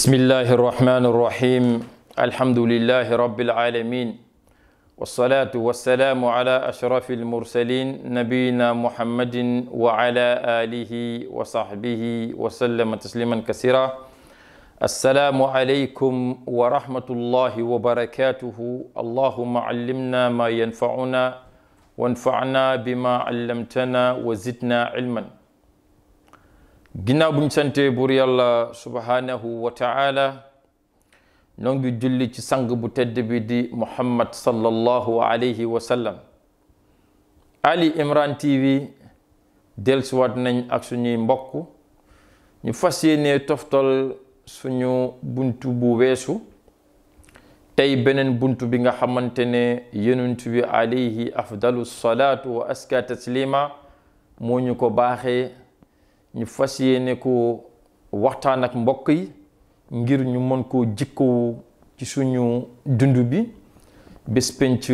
بسم الله الرحمن الرحيم الحمد لله رب العالمين والصلاة والسلام على أشرف المرسلين نبينا محمد وعلى آله وصحبه وسلم تسليما كثيرا السلام عليكم ورحمة الله وبركاته اللهم علمنا ما ينفعنا وانفعنا بما علمتنا وزدنا علما ginnaaw buñ sante buur yàlla subhaanahu wa ta'ala noo ngi julli ci sang bu tedd bi di muhammad sallallahu alayhi wa sallam ali imran tv dellusiwaat nañ ak suñuy mbokk ñu fas yéene toftal suñu buntu bu weesu tey beneen buntu bi nga xamante ne yonent bi alayhi afdalu salaatu wa aska taslima moo ñu ko baaxee ñu fas ne ko waxtaan ak mbokk yi ngir ñu mën koo jikkowu ci suñu dund bi bés penc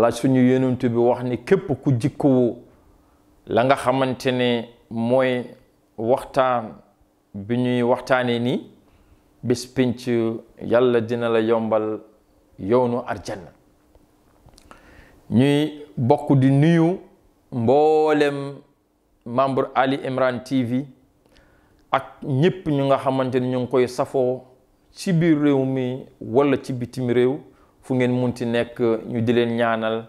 la suñu yonent bi wax ni képp ku jikkowu la nga xamante ne mooy waxtaan bi ñuy waxtaanee nii bés penc yàlla dina la yombal yoonu arjana ñuy bokk di nuyu mboolem membre Ali Imran TV ak ñépp ñu nga xamante ni ñu ngi koy safoo ci biir réew mi wala ci bitim réew fu ngeen mun munti nekk ñu di leen ñaanal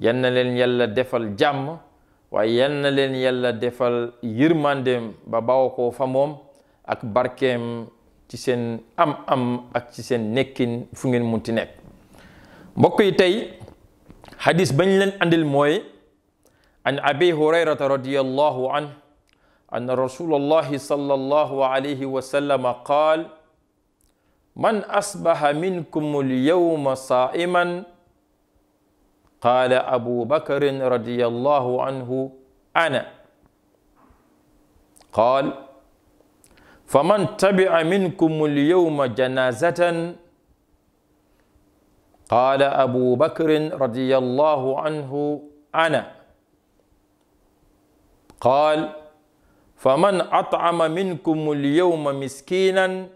yan na leen yàlla defal jàmm waaye yal na leen yàlla defal yërmandeem ba bawoo ko fa moom ak barkeem ci seen am-am ak ci seen nekkin fu ngeen munti nekk mbokk yi tey hadis bañ leen andil mooy. عن أبي هريرة رضي الله عنه أن رسول الله صلى الله عليه وسلم قال من أصبح منكم اليوم صائما قال أبو بكر رضي الله عنه أنا قال فمن تبع منكم اليوم جنازة قال أبو بكر رضي الله عنه أنا قال فمن أطعم منكم اليوم مسكينا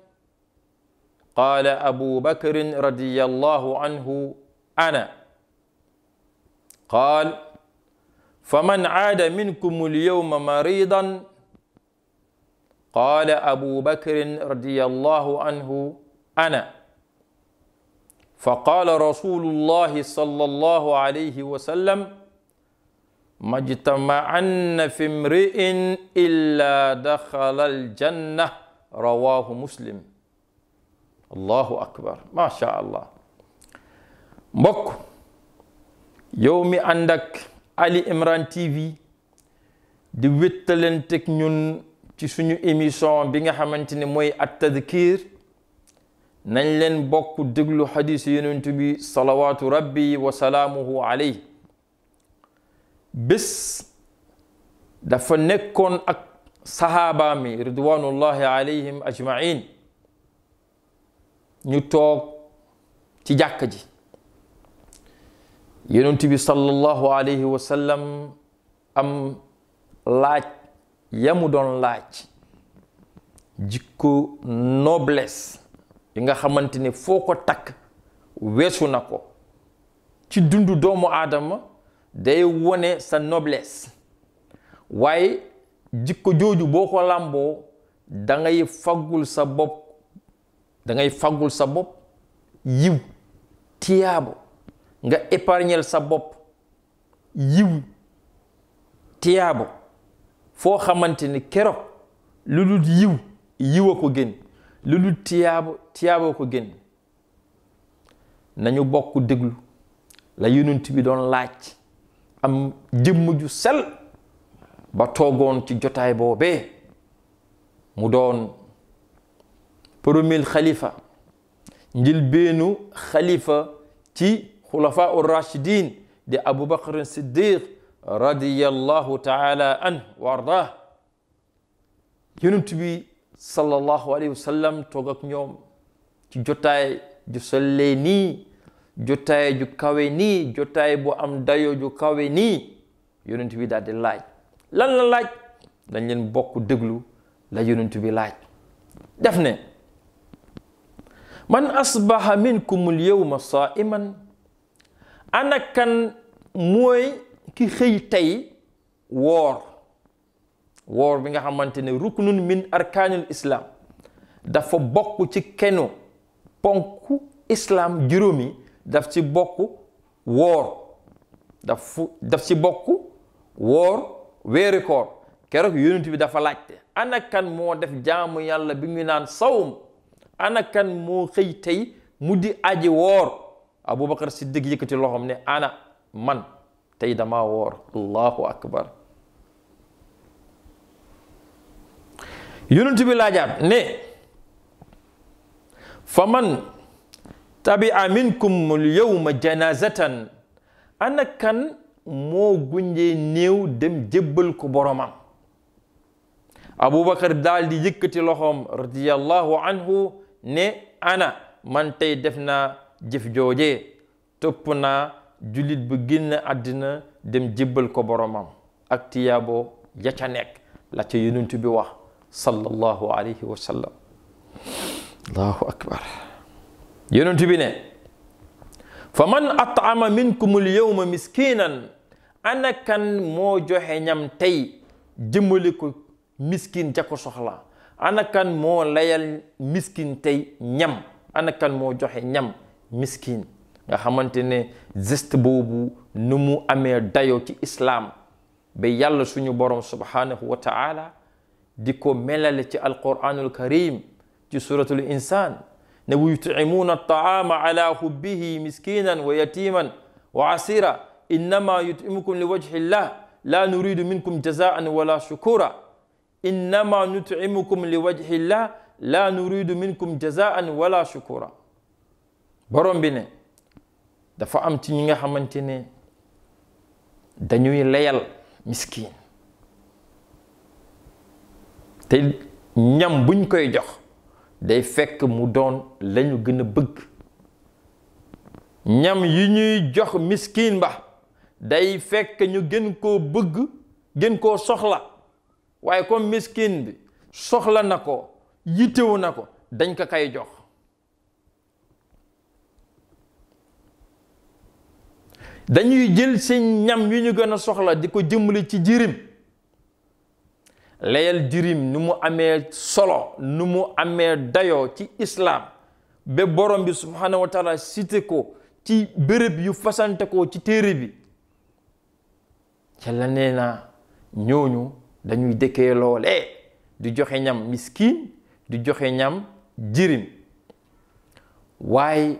قال أبو بكر رضي الله عنه أنا قال فمن عاد منكم اليوم مريضا قال أبو بكر رضي الله عنه أنا فقال رسول الله صلى الله عليه وسلم majtama'anna fi mri'in illa daxala aljanna rawahu muslim allahu akbar macha allah mbokk yow mi ànd ak Ali Imran TV di wéttalanteeg ñun ci suñu émission bi nga xamante ne mooy at-tadhkir nañ leen bokk déglu xadiis yonent bi salawaatu rabbi wa salaamuhu bés dafa nekkoon ak sahaaba mi ridwanullahi alayhim ajmain ñu toog ci jàkka ji yonent bi sallallahu alayhi wa sallam am laaj yamu doon laaj jikko nobles yi nga xamante ni foo ko takk weesu na ko ci dundu doomu aadama day wone sa nobles waaye jikko jooju boo ko làmboo dangay ngay faggul sa bopp da faggul sa bopp yiw tiyaabo nga épargnel sa bopp yiw tiyaabo foo xamante ni keroog lu dul yiw yiw a ko gën lu dul tiyaabo tiyaabo ko gën nañu bokk déglu la yonent bi doon laaj am jëmm ju sel ba toogoon ci jotaay boobee mu doon premier xalifa njëlbeenu xalifa ci xulafa urrachidin di abubakar siddiq radiyallahu taala anhu wa ardah yonent bi sallallahu alayhi wa sallam toog ñoom ci jotaay ju sellee jotaay ju kawe nii jotaay bu am dayo ju kawe nii yonent bi daal di laaj lan la laaj dañ leen bokk déglu la yonent bi laaj def ne man asbaha minkum al yawma saaiman ana kan mooy ki xëy tey woor woor bi nga xamante ne ruknun min arkaanil islam dafa bokk ci kenu ponk islam juróomi daf ci bokk woor daf fu daf ci bokk woor weeri koor keroog yonent bi dafa laajte ana kan moo def jaamu yàlla bi ñu naan sawm ana moo xëy tey mu di aji woor abubakar siddiq yëkkati loxoom ne ana man tey damaa woor allahu akbar yonent bi laajaat ne faman tabia minkum al yawma janazatan ana kan moo gunjee néew dem jébbal ko boromam abubakar daal di yëkkati loxoom radiyallahu anhu ne ana man tey def naa jëf jooje topp naa jullit bu génn àddina dem jébbal ko boromam ak tiyaabo ya ca nekk la ci yonent bi wax sallallahu alayhi wa sallam allahu akbar yonent bi ne fa man at'ama minkumul yawma miskinan ana kan moo joxe ñam tey jëmmale ko miskin ja ko soxla ana kan moo layal miskin tey ñam ana kan moo joxe ñam miskin nga xamante ne geste boobu nu mu amee dayo ci islaam ba yàlla suñu borom subhanahu wa ta'ala di ko melale ci alquranul karim ci suratul insaan ne wa yutimuuna taama ala hubbihi miskinan wa yatiman wa asira innama yutimukum liwajhi llah la nuridu minkum jazaan wala shukura innama nutimukum liwajhi llah la nuridu minkum jazaan wala shukura borom bi ne dafa am ci ñi nga xamante ne dañuy layal miskin te ñam buñ koy jox day fekk mu doon lañu gën a bëgg ñam yi ñuy jox miskin ba day fekk ñu gën koo bëgg gën koo soxla waaye comme miskin bi soxla na ko yittewu na ko dañ ko kay jox dañuy jël seen ñam yi ñu gën a soxla di ko jëmmale ci jirim layal jirim ni mu amee solo nu mu amee dayoo ci islaam ba borom bi subhaanahu wa taala ko ci bërëb yu fasante ko ci téere bi yàlla nee na ñooñu dañuy dëkkee loolee du joxe ñam miskin du joxe ñam jirim waaye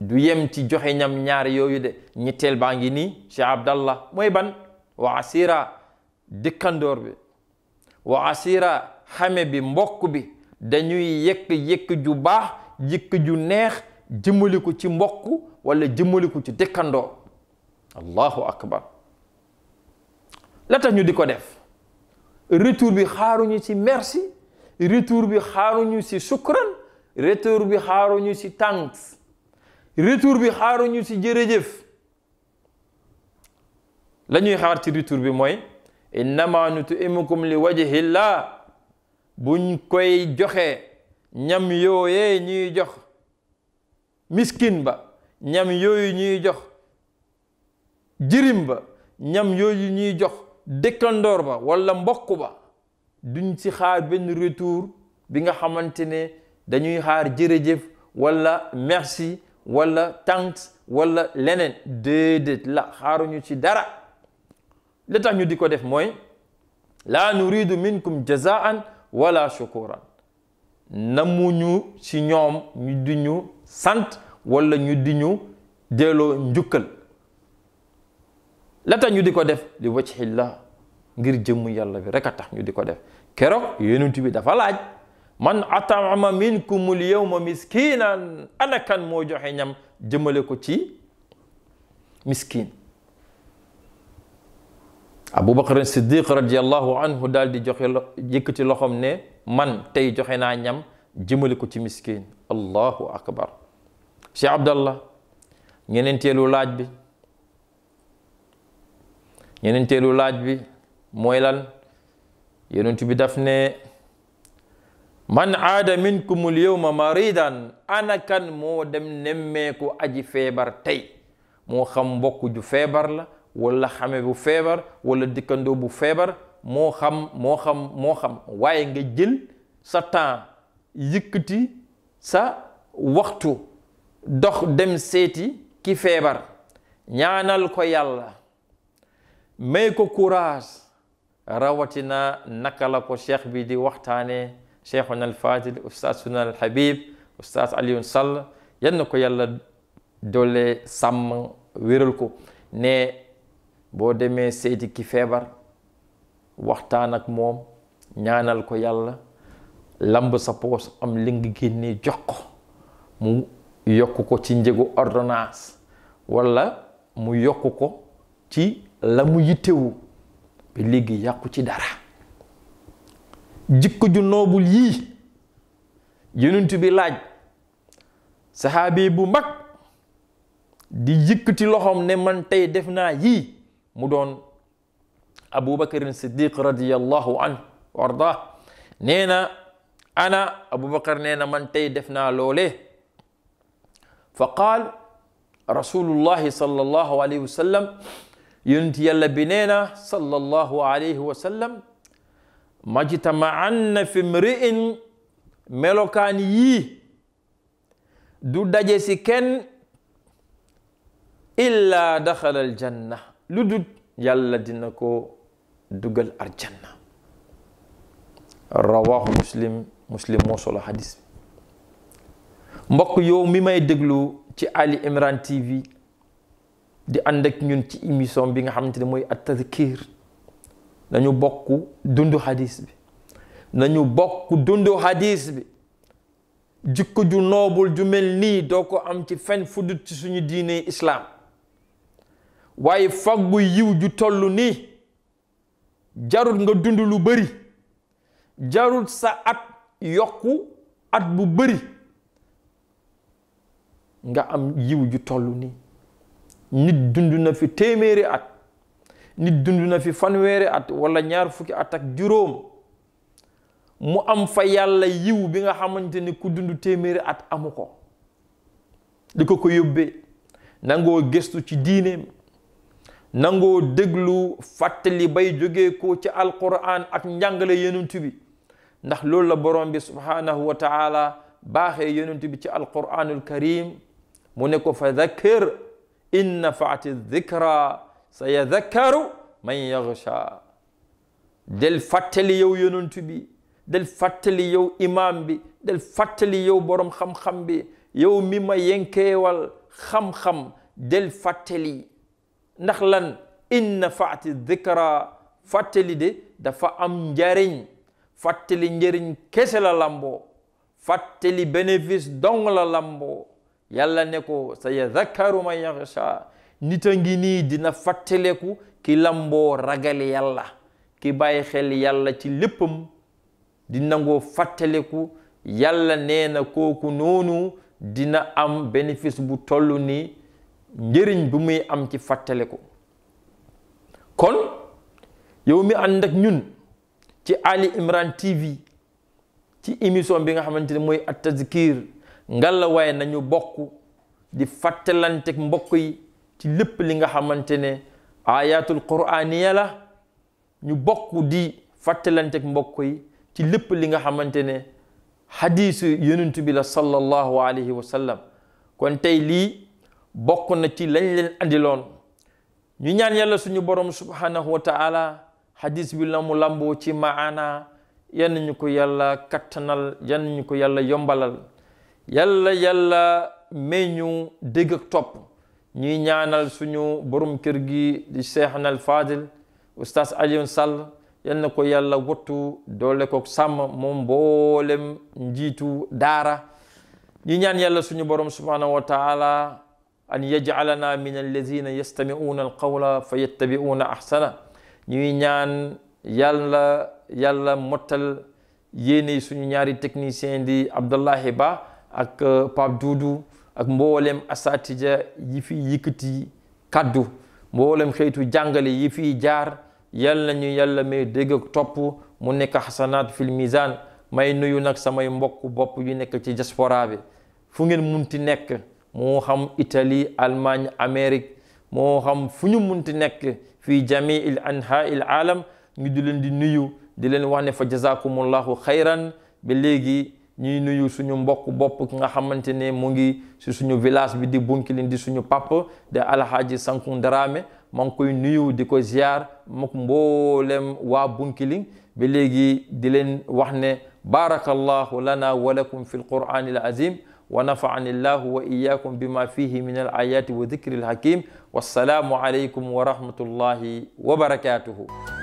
du yem ci joxe ñam ñaar yooyu de ñetteel baa ngi nii Cheikh Abdallah mooy ban waa asira dëkkandoor bi wa asira xame bi mbokk bi dañuy yëkk-yëkk ju baax jikk ju neex jëmali ko ci mbokk wala jëmali ko ci dëkkandoo allahu akbar la tax ñu di ko def retour bi xaaruñu ci merci retour bi xaaruñu ci sukran retour bi xaaruñu ci thanks retour bi xaaruñu ci jërëjëf la ñuy xaar ci retour bi mooy innama nutimukum li wajhillah buñ koy joxee ñam yooyee ñuy jox miskin ba ñam yooyu ñuy jox jirim ba ñam yooyu ñuy jox dëkkandoor ba walla mbokk ba duñ ci xaar benn retour bi nga xamante ne dañuy xaar jërëjëf walla merci walla thanks walla leneen déedéet la xaaruñu ci dara li tax ñu di ko def mooy laa nuridu minkum jazaan wala shukuran namuñu ci ñoom ñu di ñu sant wala ñu di ñu delloo njukkal la tax ñu di ko def li wajhillah ngir jëmm yàlla bi rek a tax ñu di ko def keroog yonent bi dafa laaj man atama minkumul yawma miskinan anakan moo joxe ñam jëmale ko ci miskin abubakar siddiq radiallahu anhu daal di joxe yëkkati loxoom ne man tey joxe naa ñam jëmale ko ci miskin allahu akbar cheikh abdallah ñeneenteelu laaj bi ñeneenteelu laaj bi mooy lan yonent bi daf ne man aada minkumul yowma maridan anakan moo dem nemmeeku aji feebar tey moo xam mbokk ju feebar la wala xame bu feebar walla dikkando bu feebar moo xam moo xam moo waaye nga jël sa temps yëkkati sa waxtu dox dem seeti ki feebar ñaanal ko yàlla may ko courage rawatina nakala ko cheikh bi di waxtaane cheikhuna alfadil oustaz suna alhabib oustaz Alioune Sall yan na ko yàlla doole sàmm wéral ko ne boo demee seeti ki feebar waxtaan ak moom ñaanal ko yàlla lamb sa poos am li nga génnee jox mu yokk ko ci njëgu ordonnance walla mu yokk ko ci la mu yittewu ba léegi yàqu ci dara jikko ju noobul yii yonent bi laaj saxaabi bu mag di yëkkati loxoom ne man tey def naa yii mu doon abubakarin siddiq radiallahu an wa ardah nee na ana abubakar nee na man tey def naa loolee fa qaal rasulullahi sallallahu alayhi wa sallam yonent yàlla bi nee na sallallahu alayhi wa sallam majtama'anna fi mri'in melokaan yii du daje si kenn illa daxala aljanna lu dul yàlla dina ko dugal arjanna rawahu muslim muslim moo solo hadis mbokk yow mi may déglu ci Ali Imran TV di ànd ak ñun ci émission bi nga xamante ne mooy at-tadhkir nañu bokk dundu hadis bi nañu bokk dundu hadis bi jikko ju noobul ju mel nii doo ko am ci fenn fudut ci suñu diine islaam waaye faggu yiw ju toll nii jarut nga dund lu bëri jarut sa at yokku at bu bari nga am yiw ju toll nii nit dund na fi téeméeri at nit dund na fi fanweeri at wala ñaar fukki at ak juróom mu am fa yàlla yiw bi nga xamante ni ku dund téeméeri at amu ko di ko ko yóbbee nangoo gëstu ci diineem nangoo déglu fàttali bay joge ko ci alquran ak njàngale yonent bi ndax loolu la borom bi subhaanahu wa taala baaxee yonent bi ci alquranul karim mu ne ko fa dakkir in nafaati dikra sa yadakkaru man yaxsha del fàttali yow yonent bi del fàttali yow imaam bi del fàttali yow borom xam-xam bi yow mi ma yenkeewal xam-xam del fàttali ndax lan inna faati dikra fàttali de dafa am njariñ fàttali njariñ kese la lambo fàttali bénéfice dong la lambo yàlla ne ko sa yadakkaru man yaxsha nit a ngi nii dina fàttaleku ki lamboo ragal yàlla ki bàyyi xel yàlla ci léppam di nangoo fàttaleku yàlla nee na kooku noonu dina am bénéfice bu toll nii njëriñ bu muy am ci ko kon yow mi ànd ñun ci Ali Imran TV ci émission bi nga xamante ne mooy at tazkir ngalla waaye nañu bokk di fàttalante mbokk yi ci lépp li nga xamante ne ayatul quraniya la ñu bokk di fàttalante mbokk yi ci lépp li nga xamante ne xadiisu yonent bi la sallallahu alayhi wa kon tey lii bokk na ci lañ leen andiloon ñu ñaan yàlla suñu boroom subhanahu wa ta'ala hadis bi la mu lamboo ci maana yan ñu ko yàlla kattanal yan ñu ko yàlla yombalal yàlla yàlla may ñu dégg topp ñuy ñaanal suñu boroom kër gi di Cheikhna al Fadil oustaz Alioune Sall yan na ko yàlla wattu doole ko sàmm moom mboolem njiitu daara ñu ñaan yàlla suñu borom subhanahu wa an yaj'alana min allazina yastami'una alqawla fa yattabi'una ahsana ñuy ñaan yàlla yàlla mottal yéene suñu ñaari technicien di Abdallahi Ba ak euh, Pape Doudou ak mboolem asatija yi fi yëkkati kaddu mboolem xeetu jàngale yi fi jaar yàlla ñu yàlla may dégg ak topp mu nekk xasanaat fil mizan may nuyu nag samay mbokk bopp yu nekk ci diaspora bi fu ngeen munti nekk moo xam Italie Allemagne Amérique moo xam fu ñu munti nekk fii jamii il anha il di leen di nuyu di leen wax ne fa jazakumullahu xayran ba léegi ñuy nuyu suñu mbokk bopp ki nga xamante ne mu ngi si suñu village bi di Bunkiling di suñu pap de alhaaji Sankun Daraame maa ngi koy nuyu di ko ziar mook mboolem waa Bunkiling ba léegi di leen wax ne barakallahu lana wa lakum fi l qur'anil wa nafa'ani llahu wa iyyakum bima fihi min al ayati wa dhikri al hakim wassalaamu alaykum wa rahmatullahi wa barakatuhu